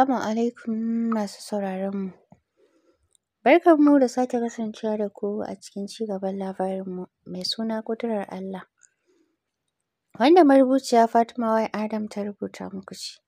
Assalamu alaikum masu sauraron mu. Barkan mu da sake kasancewa da ku a cikin cigaban labarin mu mai suna ƙudurar Allah. Wanda marubuciya Fatima Y Adam ta rubuta muku shi.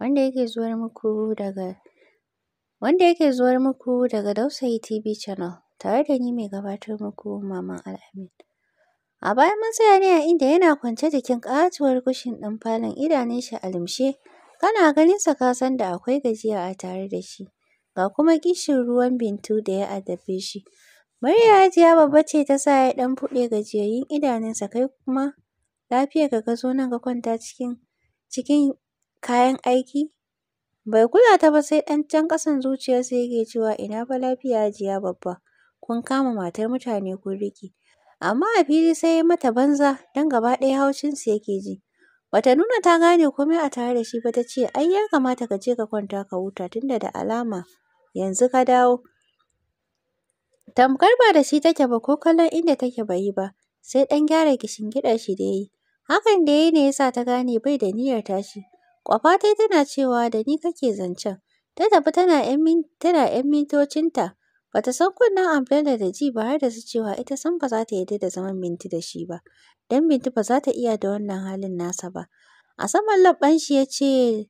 Wanda yake zuwar muku daga wanda yake zuwar muku daga Dausayi TV channel tare da ni mai gabatar muku Maman Al-Amin. A baya mun tsaya ne a inda yana kwance jikin ƙatuwar kushin ɗin falon idanun shi a limshe. Kana ganinsa ka san da akwai gajiya a tare da shi, ga kuma kishin ruwan Bintu da ya addabe shi. ji ya Babba ce ta sa ya ɗan buɗe gajiyayyun idanunsa, kai kuma lafiyarka ka zo nan ka kwanta cikin cikin kayan aiki? Bai kula ta ba sai ɗan can ƙasan zuciyarsa yake cewa ina fa lafiya jiya Babba, kun kama matar mutane kun riƙe. Amma a fili sai ya mata banza don gaba ɗaya haushinsu yake ji. Bata nuna ta gane komai a tare da shi ba ta ce ai ya kamata ka je ka kwanta ka huta tunda da alama yanzu ka dawo. Tamkar ba da shi take ba ko kallon inda take bai yi ba sai ɗan gyara gida shi da yi. Hakan da ya ne ya sa ta gane bai da niyyar tashi. kwafatai tana cewa da ni kake zancen. Ta tafi tana ‘yan mintocinta Bata san kunnen Abdallah da ji ba har da su cewa ita san ba za ta yarda da zaman Binti da shi ba. Don Binti ba za ta iya da wannan halin nasa ba. A saman labban shi ya ce,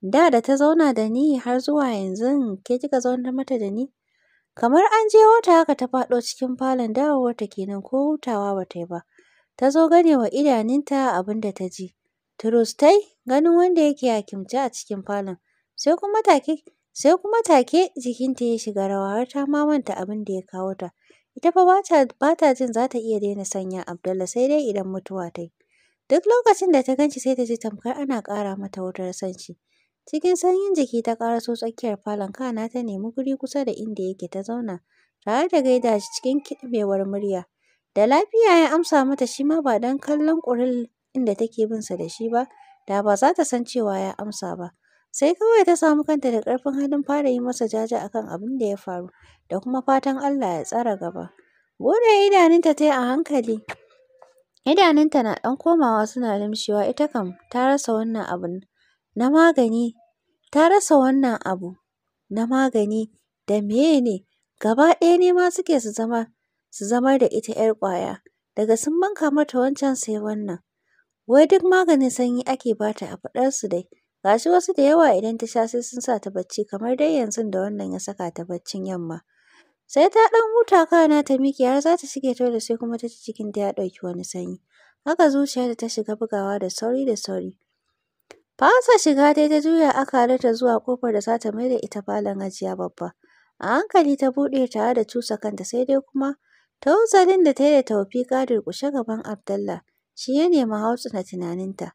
Da da ta zauna da ni har zuwa yanzu ke kika zaunar mata da ni? Kamar an je wata haka ta faɗo cikin falon dawowarta kenan ko hutawa ba ta yi ba. Ta zo gane wa idaninta abin da ta ji. Turustai ganin wanda yake hakimce a cikin falon. Sai kuma take sai kuma take jikinta ya shiga rawa har ta ma manta abin da ya kawo ta. Ita fa ba ta jin za ta iya daina sanya Abdalla sai dai idan mutuwa ta yi. Duk lokacin da ta ganci sai ta ji tamkar ana ƙara mata wutar sanci. Cikin sanyin jiki ta so tsakiyar falon kana ta nemi guri kusa da inda yake ta zauna tare da gaida shi cikin kiɗimewar murya. Da lafiya ya amsa mata shi ma ba don kallon ƙuril inda take bin sa da shi ba da ba za ta san cewa ya amsa ba. sai kawai ta samu kanta da ƙarfin halin fara yi masa jaje akan abin da ya faru da kuma fatan Allah ya tsara gaba bude idanunta ta yi a hankali idanunta na ɗan komawa suna lumshewa ita kam ta rasa wannan abu na magani ta rasa wannan abu na magani da meye ne gaba ɗaya ne ma suke su zama su zama da ita ‘yar ƙwaya daga sun banka mata wancan sai wannan wai duk maganin sanyi ake bata a faɗar su dai Ga shi wasu da yawa idan ta sha sai sun sa ta bacci kamar dai yanzu da wannan ya saka ta baccin yamma. Sai ta ɗan huta kana ta miki har za ta shige da sai kuma ta cikin da ya ɗauki wani sanyi. Haka zuciyarta ta shiga bugawa da sauri da sauri. Fasa shiga dai ta juya aka akalarta zuwa kofar da za ta mai da ita falon ajiya babba. A hankali ta buɗe tare da cusa kanta sai dai kuma Ta tausalin da ta yi da Taufiƙa kushe gaban Abdallah shi ya nemi na tunaninta.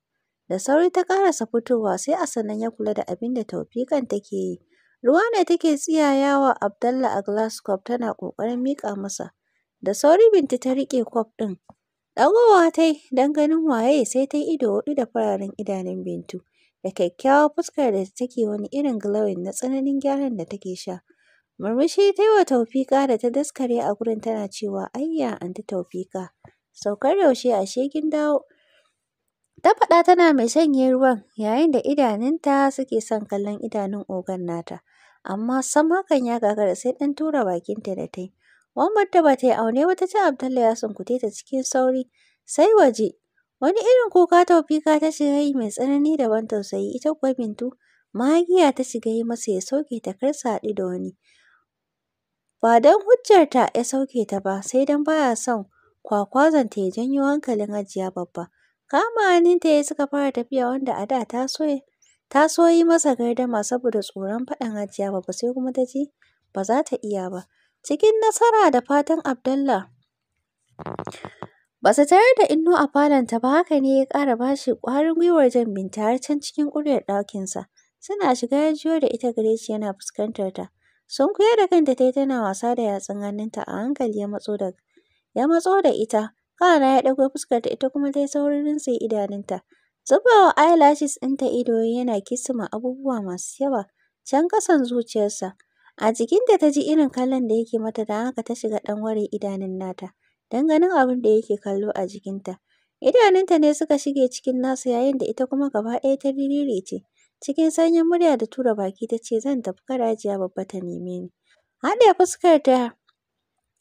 Da sauri ta karasa fitowa sai a sannan ya kula da abin da Taufikan take yi. Ruwa ne take tsiyayawa Abdalla a glass cup tana ƙoƙarin mika masa. Da sauri Binta ta rike cup ɗin. Ɗagowa ta yi don ganin waye sai ta yi ido huɗu da fararen idanun Bintu da kyakkyawa, fuskar da take wani irin glowing na tsananin gyaran da take sha. Murmushi ta yi wa taufika da ta daskare a gurin tana cewa ayya anti taufika saukar yaushe ashe kin dawo. Ta faɗa tana mai shanye ruwan yayin da idanunta suke son kallon idanun ogan nata. Amma sam hakan ya gagara sai ɗan tura bakinta da ta yi. Wambar da ba ta yi aune ba ta ce Abdallah ya sunkute ta cikin sauri. Sai waje. Wani irin kuka taufika ta shiga yi mai tsanani da ban tausayi ita kuwa Bintu. Magiya ta shiga yi masa ya sauke ta kar su haɗu da wani. Ba don hujjarta ya sauke ta ba sai don baya son kwakwazon ta ya janyo hankalin Hajiya babba. Kama ta ya suka fara tafiya wanda a da ta so ta so yi masa gardama saboda tsoron faɗan Hajiya Babba sai kuma ta ji ba za ta iya ba. Cikin nasara da fatan Abdallah ba su tarar da Inno a falonta ba haka ne ya ƙara ba shi ƙwarin gwiwar jan Binta har can cikin ƙuryar ɗakinsa. Suna shiga ya jiyo da ita gare yana fuskantar ta. sun kuya da kanta ta yi tana wasa da yatsun ta, a hankali ya matso da ita Hana ya ɗago fuskarta ita kuma ta yi saurin rinse idanunta zubawa eyelashes ɗinta ido yana kisima abubuwa masu yawa can ƙasan zuciyarsa a jikinta ta ji irin kallon da yake mata da haka ta shiga ɗan ware idanun nata don ganin abin da yake kallo a jikinta idanunta ne suka shige cikin nasa yayin da ita kuma gaba ɗaya ta ce. cikin sanyin murya da tura baki ta ce zan tafi kar Babba ta neme ni. Haɗe fuskarta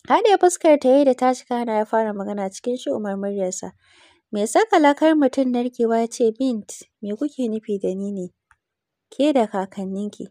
Haɗe fuskar ta yi da ta cika hana ya fara magana cikin umar muryarsa. Mai saka lakar mutum narkewa ya ce, Bint, me kuke nufi da ni ne? Ke da kakanninki.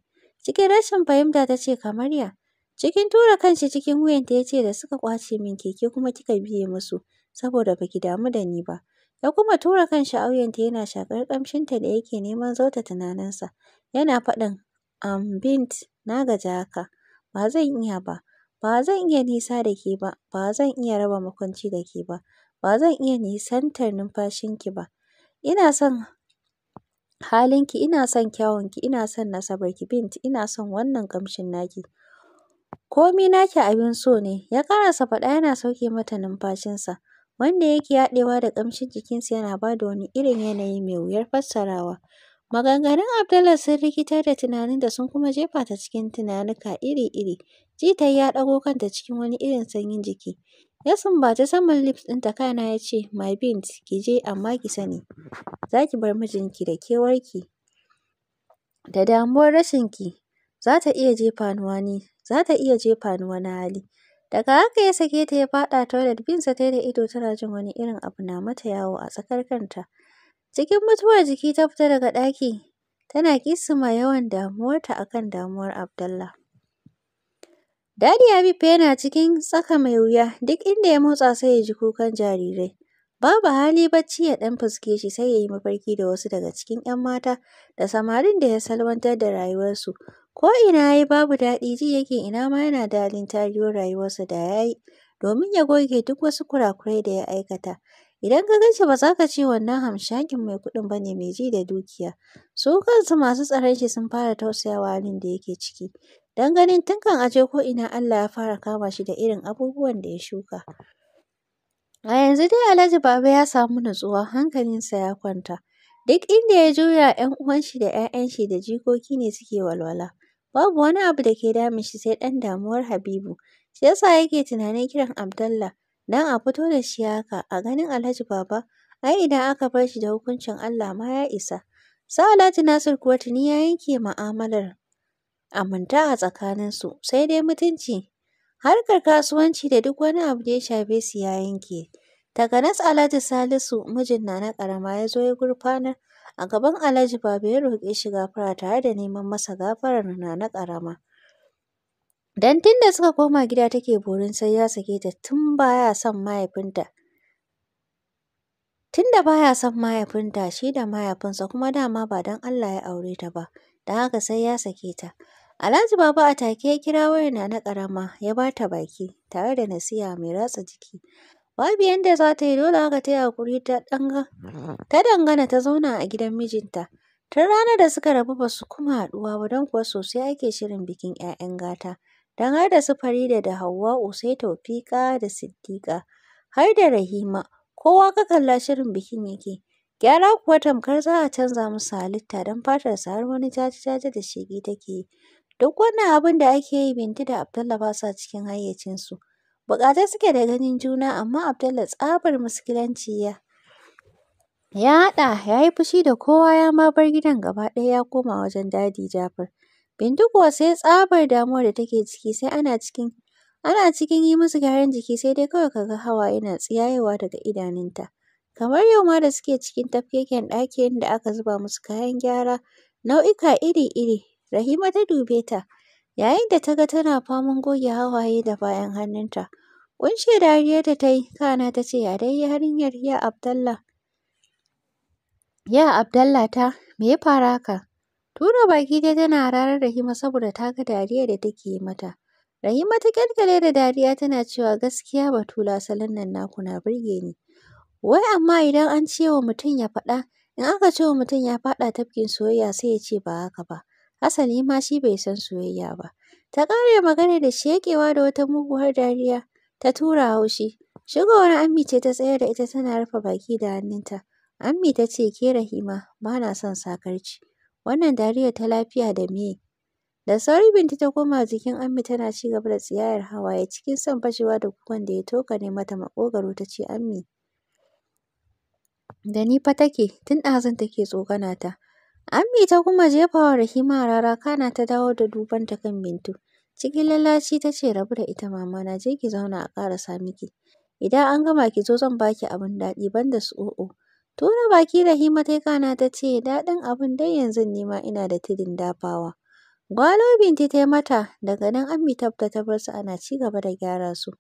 Cikin rashin fahimta ta ce, kamar ya. Cikin tura kanshi cikin wuyanta ya ce, da suka ƙwace min keke kuma kika biye musu, saboda baki damu da ni ba. Ya kuma tura kanshi auyanta yana shaƙar ƙamshinta da yake neman zauta tunaninsa. Yana faɗin, Am Bint, na gaji haka, ba zan iya ba. Ba zan iya nisa da ke ba, ba zan iya raba makwanci da ke ba, ba zan iya nisantar numfashinki ba. Ina son halinki, ina son kyawunki, ina son nasabarki bint ina son wannan kamshin naki. Komi naki abin so ne, ya ƙarasa faɗa yana sauke mata numfashinsa, wanda yake haɗewa da ƙamshin jikinsa yana ba da wani irin yanayi mai wuyar fassarawa. Maganganun Abdullah sun rikitar da tunaninta sun kuma jefa ta cikin tunanuka iri-iri. Ji ya ɗago kanta cikin wani irin sanyin jiki. Ya sumbaci saman lips ɗinta kana ya ce, My beans, ki je amma ki sani, za ki bar mijinki da kewarki da damuwar rashinki za ta iya jefa ni wani, za ta iya jefa ni wani hali. Daga haka ya sake ta ya faɗa toilet bin sa ta da ido tana jin wani irin abu na mata yawo a tsakar kanta. Cikin mutuwar jiki ta fita daga ɗaki, tana kisima yawan damuwarta akan damuwar Abdullah. Dadi Habib yana cikin tsaka mai wuya, duk inda ya motsa sai ya ji kukan jarirai. Babu hali bacci ya ɗan fuske shi sai ya yi mafarki da wasu daga cikin 'yan mata da samarin da ya salwantar da rayuwarsu. Ko ina ya yi babu daɗi ji yake ina ma yana dalin halin rayuwarsa da ya yi domin ya goge duk wasu kurakurai da ya aikata. Idan ka gan shi ba za ka ce wannan hamshakin mai kuɗin ba ne mai ji da dukiya. Su kansu masu tsaron shi sun fara tausayawa halin da yake ciki. Don ganin tun kan aje ko ina Allah ya fara kama shi da irin abubuwan da ya shuka. A yanzu dai Alhaji Baba ya samu nutsuwa hankalinsa ya kwanta. Duk inda ya juya 'yan uwan shi da 'ya'yan shi da jikoki ne suke walwala. Babu wani abu da ke damun shi sai ɗan damuwar Habibu. Shi yasa yake tunanin kiran Abdallah. dan a fito da shi haka a ganin Alhaji Baba ai idan aka bar shi da hukuncin Allah ma ya isa. sai Alhaji Nasir kuwa tuni ya yanke mu'amalar aminta a tsakanin su sai dai mutunci harkar kasuwanci da duk wani abu da ya shafe su ya yanke. Takanas Alhaji Salisu mijin na na ƙarama ya zo ya gurfana. a gaban Alhaji Baba ya roƙe shi gafara tare da neman masa gafarar na na ƙarama. Don tun da suka koma gida take borin sai ya sake ta tun baya son mahaifinta. Tun da baya son mahaifinta shi da mahaifinsa kuma dama ba don Allah ya aure ta ba, da haka sai ya sake ta. Alhaji Baba a take ya kira wayar na karama ya ba ta baki tare da nasiha mai ratsa jiki. Babu yadda za ta yi dole haka ta yi hakuri ta dangana ta zauna a gidan mijinta. Tun ranar da suka rabu ba su kuma haɗuwa ba don kuwa sosai ake shirin bikin 'ya'yan gata. don har da sufari Farida da Hauwa'u sai Taufiƙa da Siddiƙa, har da Rahima, kowa ka kalla shirin bikin yake. Gyara kuwa tamkar za a canza musu halitta don su har wani jaja jaje da shege take yi. Duk wannan abin da ake yi Bintu da Abdullah ba sa cikin hayyacinsu. Buƙatar suke da ganin juna amma Abdullah tsabar muskilanci ya ya haɗa ya yi fushi da kowa ya ma bar gidan gaba ɗaya ya koma wajen Dadi Jafar. Bintu sai tsabar damuwar da take ciki sai ana cikin ana cikin yi musu gyaran jiki sai dai kawai kaga ga hawa yana tsiyayewa daga idanunta. Kamar yau ma da suke cikin tafkeken ɗakin da aka zuba musu kayan gyara nau'ika iri-iri, Rahima ta dube ta yayin da ta ga tana faman goge hawaye da bayan hannunta. Ƙunshe dariyarta ta yi kana ta ce ya dai yarinyar ya Abdallah ya Abdallah ta me ya faru haka? Tura baki dai tana rarar Rahima saboda ta ga dariya da take yi mata. Rahima ta ƙyalƙyale da dariya tana cewa gaskiya Batula salon nan naku na burge ni. Wai amma idan an ce wa mutum ya faɗa, in aka ce wa mutum ya faɗa tafkin soyayya sai ya ce ba haka ba. Asali ma shi bai san soyayya ba. Ta ƙare magana da sheƙewa da wata muguwar dariya ta tura haushi. Shigowar Ammi ce ta tsayar da ita tana rufe baki da hannunta. Ammi ta ce ke Rahima ba na son sakarci. Wannan dariyar ta lafiya da me Da sauri Binta ta koma jikin Ammi tana ci gaba da tsiyatar hawaye cikin son fashewa da kukan da ya ne mata maƙogwaro ta ce, Ammi, da ni fa take, tun ɗazun take tsokana ta. Ammi ta kuma jefawa Rahima rara kana ta dawo da duban ta kan Bintu. Cikin lallaci ta ce, rabu da ita mama na je ki zauna a ƙarasa miki. Idan an gama ki zo zan baki abin daɗi banda su o'o. Oh, oh. Tura baki Rahima ta yi kana ta ce, daɗin abin dai yanzu ni ma ina da tudun dafawa. Gwalo Binti ta yi mata, daga nan Ammi tabta ta bar su ana ci gaba da gyara su.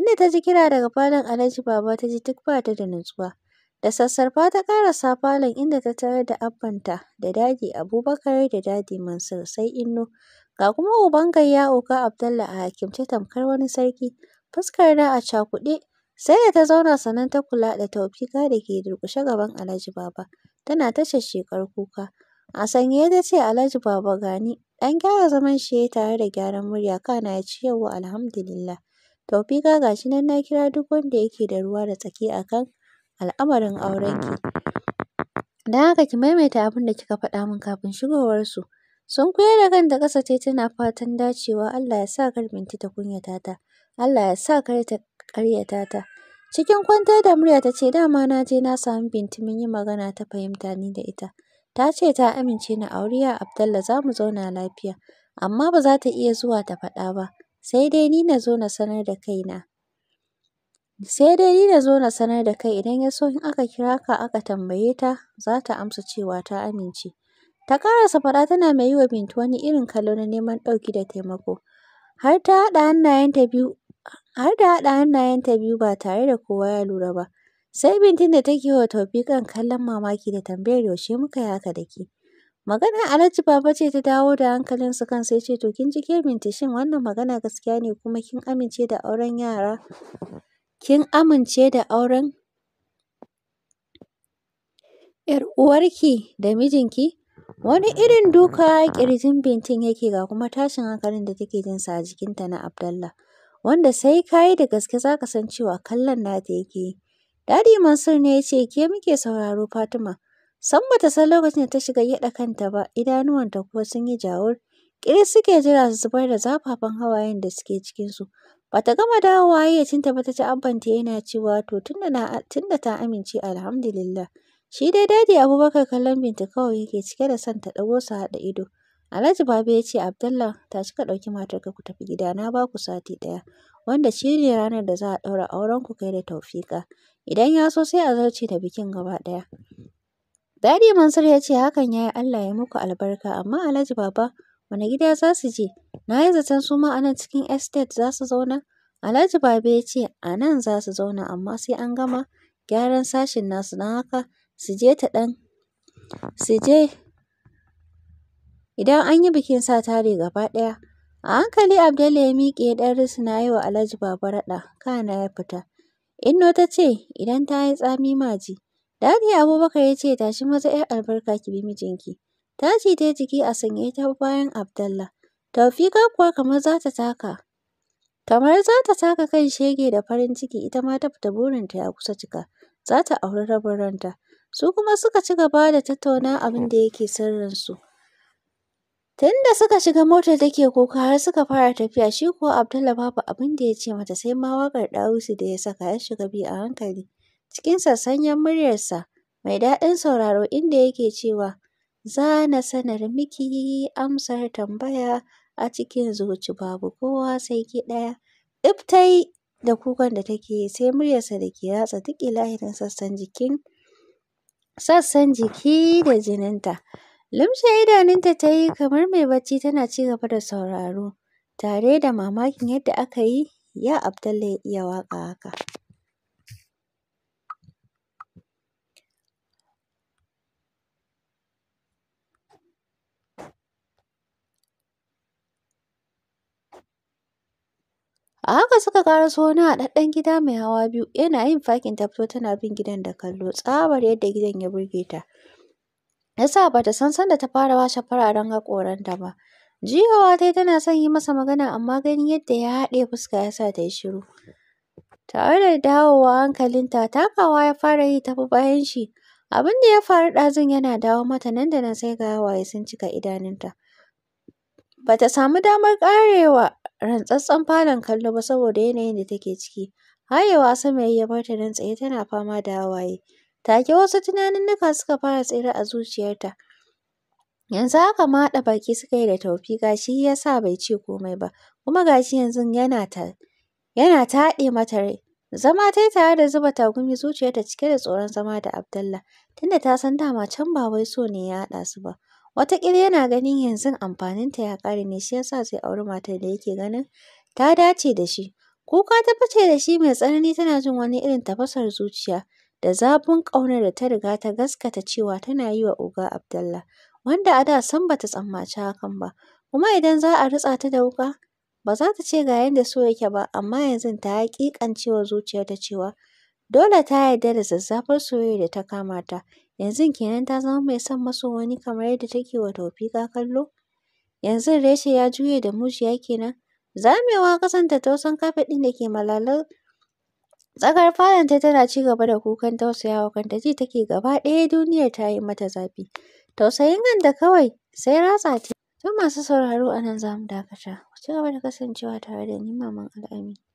Inda ta ji kira daga falon Alhaji Baba ta ji duk ba ta da nutsuwa. Da sassarfa ta ƙarasa falon inda ta tarar da abbanta da dadi Abubakar da dadi Mansur sai Inno. Ga kuma uban gayya Oga Abdallah a hakimce tamkar wani sarki, fuskar na a cakuɗe. Sai da ta zauna sannan ta kula da taufika da ke durƙushe gaban Alhaji Baba tana ta shashshekar kuka. A sanye ta ce Alhaji Baba gani. Ɗan gyara zaman shi ya tare da gyaran murya kana ya ce yau, alhamdulillah. Taufika ga shi nan na kira duk wanda yake da ruwa da tsaki a kan al'amarin aurenki. Don haka ki maimaita abin da kika faɗa min kafin shigowarsu. Sun Sunkuyar da kanta ƙasa ta tana fatan dacewa, Allah ya sa kar Binti ta kunyata ta, Allah ya sa kar ta ƙaryata ta. Cikin kwanta da murya ta ce, dama na je na samu Binti mun yi magana ta fahimta ni da ita. Ta ce ta amince ni auri ya Abdallah za mu zauna lafiya, amma ba za ta iya zuwa ta faɗa ba, sai dai ni na zo na sanar da kaina. Sai dai ni na zo na sanar da kai idan ya so in aka kira ka aka tambaye ta, za ta amsa cewa ta amince. Ta ƙarasa faɗa tana mai yi wa Bintu wani irin kallo na neman ɗauki da taimako, har ta haɗa hannayenta biyu da haɗa hannayenta biyu ba tare da kowa ya lura ba. Sai Bintun da take wa Taufiƙan kallon mamaki da tambayar yaushe muka yi haka da ke. Maganar Alhaji Baba ce ta dawo da hankalinsu kan sai ce to kin ji ke Bintu shin wannan magana gaskiya ne kuma kin amince da auren yara kin amince da auren ‘yar uwarki da mijinki? Wani irin duka ƙirjin bintin yake ga kuma tashin hankalin da take jin sa a jikinta na Abdallah, wanda sai ka yi da gaske za ka san cewa kallon nata yake yi. Dadi Mansur ne ya ce, Ke muke sauraro Fatima, san ba ta san lokacin da ta shiga gyaɗa kanta ba, idanuwanta kuwa sun yi jawur. Ƙiri suke jira su zubar da zafafan hawayen da suke cikinsu. Ba ta gama dawowa yayyacinta ba ta ci abbanta yana cewa to tunda ta amince alhamdulillah. Shi dai Dadi Abubakar kallon Binta kawai yake cike da son ta ɗago su haɗa ido. Alhaji Baba ya ce ta cika ka ɗauki ka ku tafi gida na ba ku sati ɗaya wanda shi ne ranar da za a ɗaura ku kai da taufika Idan ya so sai a zarce da bikin gaba ɗaya. Dadi Mansur ya ce hakan ya yi Allah ya muku albarka amma Alhaji Baba wani gida za su je? Na yi zaton su ma a nan cikin estate za su zauna. Alhaji Baba ya ce a nan za su zauna amma sai an gama gyaran sashin nasu na haka su je ta ɗan su je idan an yi bikin sa tare gaba ɗaya a hankali Abdalla ya miƙe ɗan risu na yi wa Alhaji Babu raɗa kana ya fita Inno ta ce idan ta yi tsami maji ji Dadi Abubakar ya ce tashi maza 'yar albarka ki bi mijinki ta ce ta jiki a sanye ta bayan Abdalla Taufika kuwa kamar za ta taka Kamar za ta taka kan shege da farin ciki ita ma ta fita burinta ya kusa cika. Za ta auri rabin ranta. su kuma suka ci gaba da tattauna abin da yake sirrinsu. Tun da suka shiga motar take kuka har suka fara tafiya shi ko Abdullah babu abin da ya ce mata sai ma waƙar ɗawusu da ya saka ya shiga bi a hankali cikin sassanyen muryarsa mai daɗin sauraro inda yake cewa za na sanar miki amsar tambaya a cikin zuci babu kowa sai ki ɗaya. Iftai da kukan da take yi sai muryarsa da ke ratsa duk ilahirin sassan jikin sassan jiki da jininta. Lumshe idanunta ta yi kamar mai bacci tana ci gaba da sauraro, tare da mamakin yadda aka yi ya Abdallah ya iya waƙa haka. A haka suka su wani haɗaɗɗen gida mai hawa biyu, yana yin fakin ta fito tana bin gidan da kallo, tsabar yadda gidan ya burge ta. Yasa ba ta san sanda ta fara washe fararen haƙoranta ba. Jihawa tai tana son yi masa magana amma ganin yadda ya haɗe fuska ya sa ta yi shiru. Tare da dawowa hankalinta, takawa ya fara yi tafi bayan shi. Abin da ya faru ɗazun yana dawo mata nan da nan sai ga hawaye sun cika idanunta. Bata samu damar ƙarewa rantsatsen falon kallo ba saboda yanayin da take ciki. Hayewa sama yayi ya barta nan tsaye tana fama da hawaye. Take wasu tunaninnika suka fara tsere a zuciyarta. Yanzu haka ma haɗa baki suka yi da taufi gashi ya sa bai ce komai ba, kuma gashi yanzu yana ta yana ta haɗe mata rai. Zama ta yi tare da zuba tagumi zuciyarta cike da tsoron zama da Abdallah, tunda ta san dama can ba wai so ne ya haɗa su ba. Wataƙila yana ganin yanzu amfaninta ya ƙare ne shi yasa zai auri matar da yake ganin ta dace da shi. Kuka ta fice da shi mai tsanani tana jin wani irin tafasar zuciya da zafin ƙaunar da ta riga ta gaskata cewa tana yi wa Oga Abdallah, wanda a da sam bata ta tsammaci hakan ba. Kuma idan za a ritsa ta da wuƙa, ba za ta ce ga yanda so yake ba, amma yanzu ta haƙiƙance wa zuciyarta cewa dole ta yarda da zazzafar soyayyar da ta kama ta. Yanzu kenan ta zama mai son maso wani kamar yadda take wa Taufika kallo? Yanzu reshe ya juye da mujiya kenan. Zamewa kasanta tausan kafet ɗin da ke malalar tsakar ta tana ci gaba da kukan tausayawa kanta ji take gaba ɗaya duniyar ta yi mata zafi. Tausayin nan da kawai sai ratsa ta. To masu sauraro a nan za mu dakata. Ku ci gaba da kasancewa tare da ni Maman Al'amin.